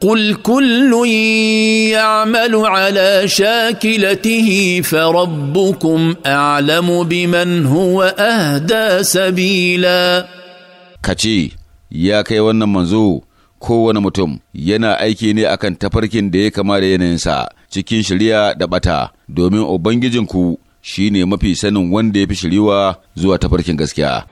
قل كل يعمل على شاكلته فربكم اعلم بمن هو اهدى سبيلا kace ya kai wannan manzo kowane mutum yana aiki ne akan tafarkin da ya kama da yanayinsa cikin shiriya da ɓata, domin ubangijinku shine mafi sanin wanda ya fi shiriwa zuwa tafarkin gaskiya